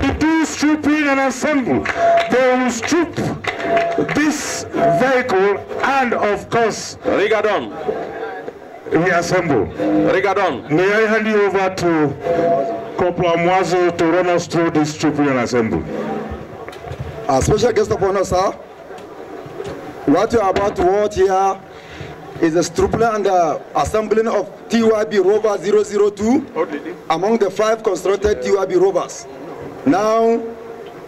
When the two troop in and assemble, they will strip this vehicle and, of course, Rigadon. Reassemble. Rigadon. May I hand you over to Corporal Mwazo to run us through this troop and assemble? A special guest of honor, sir. What you are about to watch here is a strupling and the assembling of TYB Rover 002 among the five constructed TYB Rovers. Now,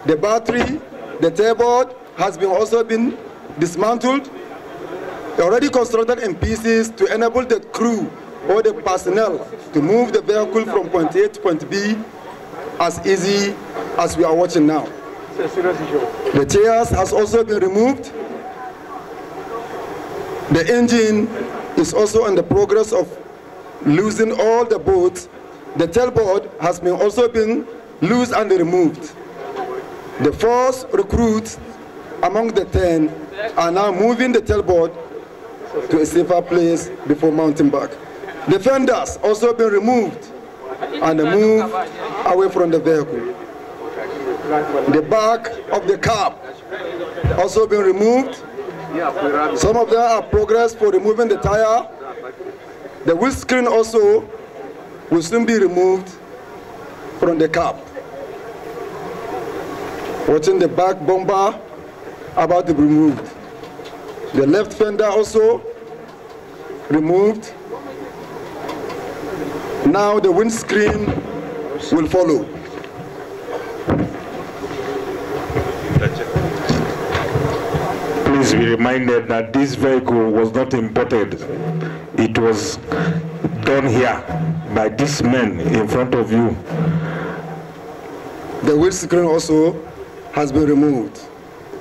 the battery, the tailboard has been also been dismantled, already constructed in pieces to enable the crew or the personnel to move the vehicle from point A to point B as easy as we are watching now. The chairs has also been removed. The engine is also in the progress of losing all the bolts. The tailboard has been also been loose and removed. The first recruits among the ten are now moving the tailboard to a safer place before mounting back. Defenders also been removed and moved away from the vehicle. The back of the cab also been removed. Some of them are progress for removing the tire. The windscreen also will soon be removed from the cab watching the back bumper about to be removed. The left fender also removed. Now the windscreen will follow. Please be reminded that this vehicle was not imported. It was done here by this man in front of you. The windscreen also has been removed.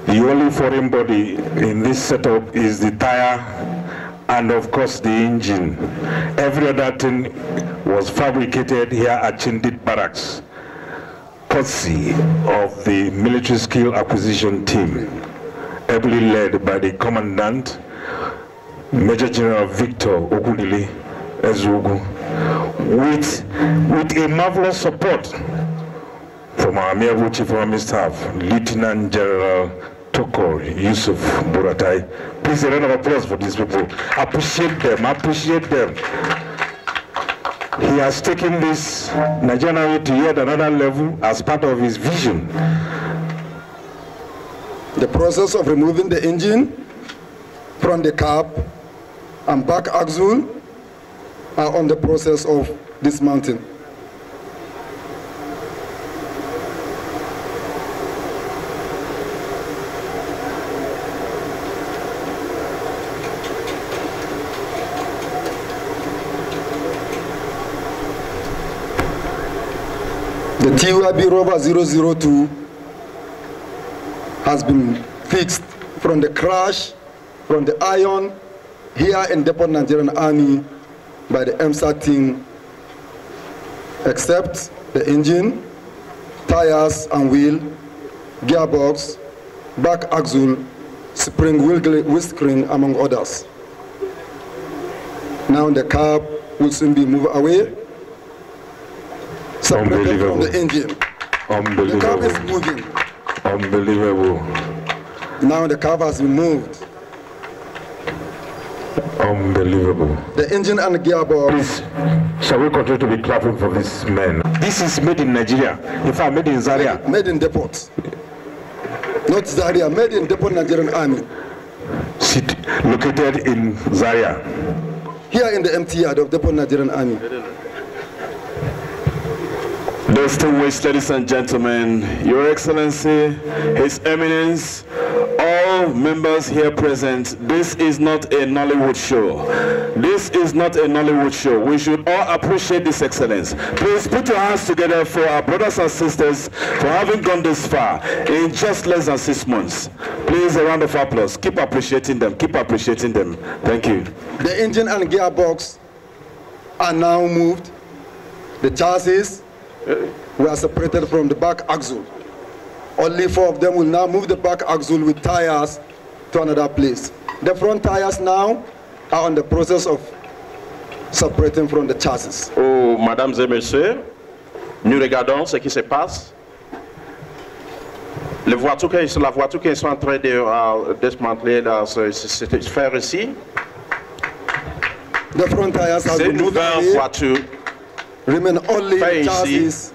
The only foreign body in this setup is the tire and of course the engine. Every other thing was fabricated here at Chindit Barracks, courtesy of the military skill acquisition team, ably led by the commandant, Major General Victor Okudili Ezugu, with, with a marvelous support Mahamia Chief of Army Staff, Lieutenant General Toko Yusuf Buratai. Please a round of applause for these people. Appreciate them, appreciate them. He has taken this Nigerian Army to yet another level as part of his vision. The process of removing the engine from the cab and back axle are on the process of dismounting. The TUIB Rover 002 has been fixed from the crash, from the iron, here in Depot Nigerian Army by the MSA team, except the engine, tires and wheel, gearbox, back axle, spring wheel screen, among others. Now the car will soon be moved away Unbelievable. The engine. Unbelievable. The car is moving. Unbelievable. Now the car has been moved. Unbelievable. The engine and the gearbox. Please, shall we continue to be clapping for this man? This is made in Nigeria. In fact, made in Zaria. Made, made in depot. Not Zaria, made in depot Nigerian army. Sit, located in Zaria. Here in the empty yard of depot Nigerian army. Distinguished ladies and gentlemen, Your Excellency, His Eminence, all members here present, this is not a Nollywood show. This is not a Nollywood show. We should all appreciate this excellence. Please put your hands together for our brothers and sisters for having gone this far in just less than six months. Please, a round of applause. Keep appreciating them. Keep appreciating them. Thank you. The engine and gearbox are now moved. The chassis we are separated from the back axle. Only four of them will now move the back axle with tires to another place. The front tires now are on the process of separating from the chassis. Oh, mesdames et messieurs, nous regardons ce qui se passe. Les voitures, la voiture qu'ils sont en train de euh, démanteler dans cette sphère ici, c'est une nouvelle voiture remain only Pas ici,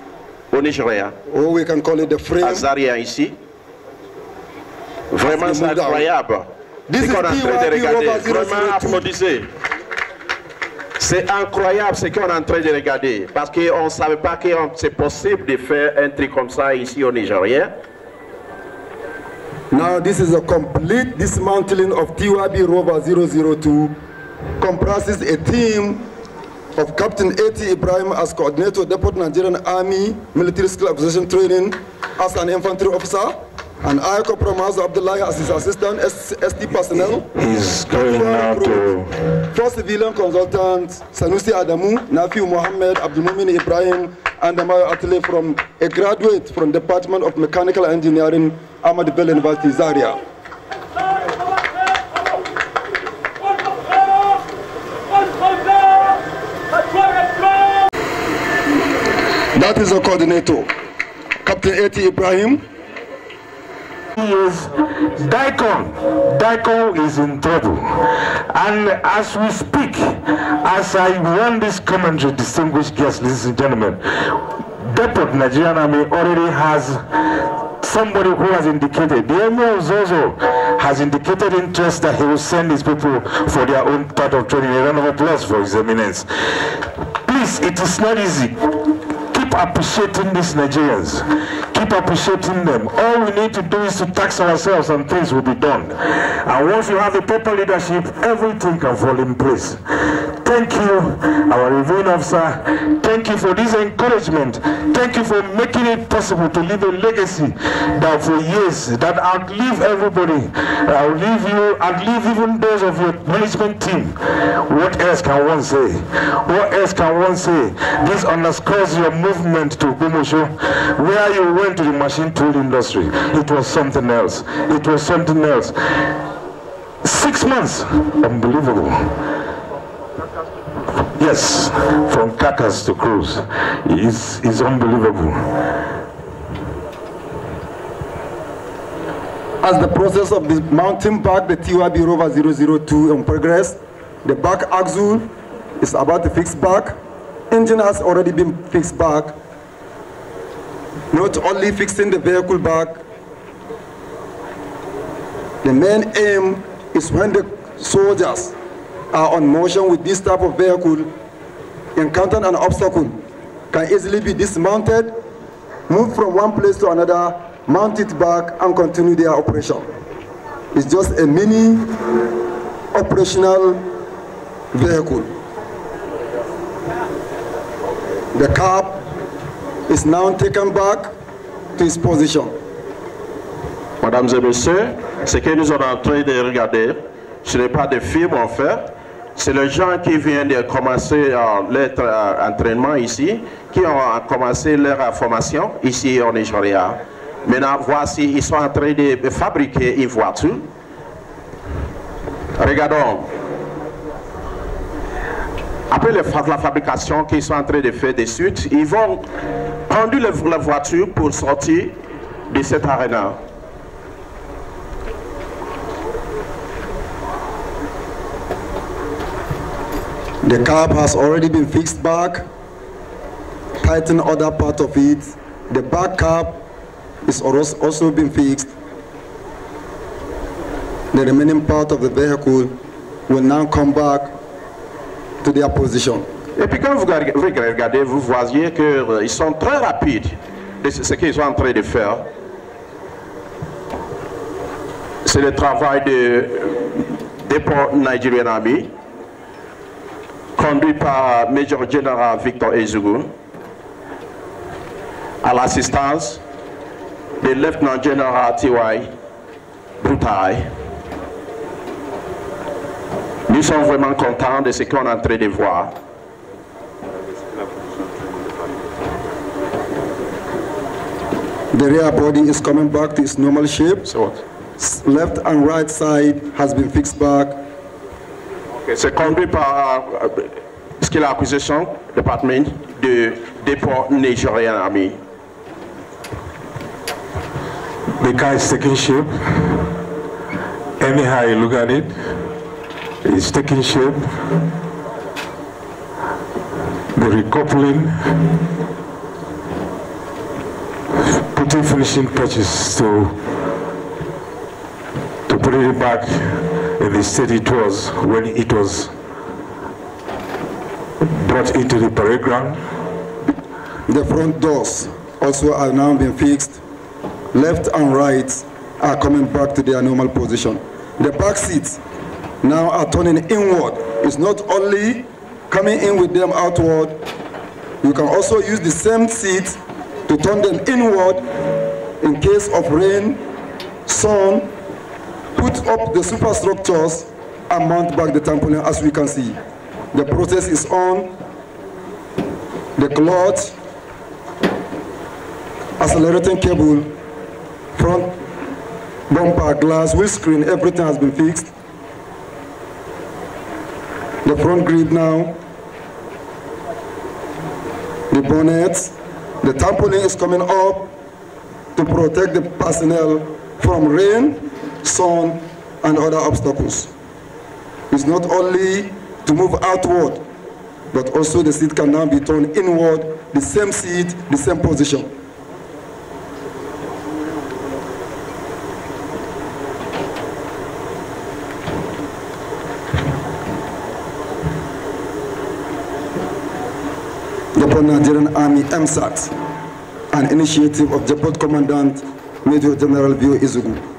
au Nigeria. Or we can call it the frame. Azaria ici. Vraiment, c'est incroyable. Ce qu'on est en train de regarder. Vraiment, applaudissez. C'est incroyable ce qu'on est en train de regarder. Parce qu'on ne savait pas que c'est possible de faire un truc comme ça ici au Nigeria. Now this is a complete dismantling of TYB Rover 002, comprises a team of Captain A.T. Ibrahim as coordinator, Deputy Nigerian Army Military Skill Acquisition Training as an infantry officer, and I, Corporal Mahazo Abdullahi as his assistant, ST personnel. He's going now to... civilian consultant Sanusi Adamu, Nafiu Mohammed, Abdulmumin Ibrahim, and Amayo Atele from a graduate from Department of Mechanical Engineering, Ahmad Bell University, Zaria. That is the coordinator, Captain A.T. Ibrahim. He is Daikon. Daikon is in trouble. And as we speak, as I run this commentary, distinguished guests, ladies and gentlemen, Depot Nigerian Army already has somebody who has indicated, the Emir Zozo has indicated interest that he will send his people for their own part of training. A round of applause for His Eminence. Please, it is not easy appreciating these Nigerians. Keep appreciating them. All we need to do is to tax ourselves and things will be done. And once you have the proper leadership, everything can fall in place. Thank you, our reviewing officer. Thank you for this encouragement. Thank you for making it possible to leave a legacy that for years that outlive everybody. I'll leave you, outlive even those of your management team. What else can one say? What else can one say? This underscores your movement to Gumusho, where you went to the machine tool industry. It was something else. It was something else. Six months, unbelievable. Yes, from carcass to cruise, is is unbelievable. As the process of the mountain back, the TYB Rover 002 in progress, the back axle is about to fix back. Engine has already been fixed back. Not only fixing the vehicle back, the main aim is when the soldiers are on motion with this type of vehicle encounter an obstacle can easily be dismounted, moved from one place to another, mount it back and continue their operation. It's just a mini operational vehicle. The cab is now taken back to its position. Mesdames et messieurs, ce que nous en train de regarder, ce n'est pas des films en fait, C'est les gens qui viennent de commencer euh, leur euh, entraînement ici, qui ont euh, commencé leur formation ici en Nigeria. Maintenant, voici, ils sont en train de fabriquer une voiture. Regardons. Après la fabrication qu'ils sont en train de faire des suites, ils vont prendre la voiture pour sortir de cet arène. The cap has already been fixed back, tighten other part of it. The back cap is also been fixed. The remaining part of the vehicle will now come back to their position. Et puis quand vous regardez, vous voyez qu'ils euh, sont très rapides de ce qu'ils sont en train de faire. C'est le travail de euh, Depot Nigerian Army conduit par Major General Victor Ezougou, à l'assistance de Lieutenant General Tiwai Boutaï. Nous sommes vraiment contents de ce qu'on est en train de voir. The rear body is coming back to its normal shape. So what? Left and right side has been fixed back seconded par Skill euh, Acquisition Department de the Nigerian Army. The car is taking shape. Anyhow you look at it, it's taking shape. The recoupling, putting finishing touches to, to put it back the state it was when it was brought into the parade ground. The front doors also are now being fixed. Left and right are coming back to their normal position. The back seats now are turning inward. It's not only coming in with them outward, you can also use the same seat to turn them inward in case of rain, sun, put up the superstructures and mount back the trampoline as we can see. The process is on, the cloth, accelerating cable, front bumper, glass, windscreen, everything has been fixed. The front grid now, the bonnet, the trampoline is coming up to protect the personnel from rain sun, and other obstacles. It's not only to move outward, but also the seed can now be turned inward, the same seed, the same position. Japan Nigerian Army MSAT, an initiative of Japan Commandant Major General Vio Izugu.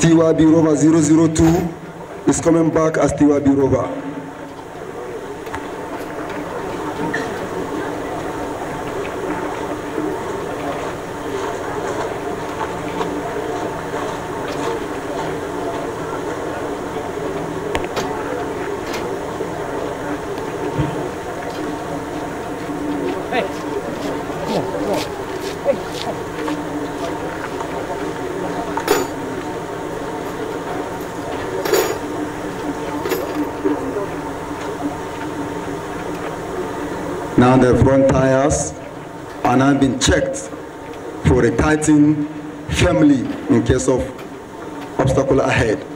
Tiwa Birova 002 is coming back as Tiwa Birova. the front tires and have been checked for a tightening family in case of obstacle ahead.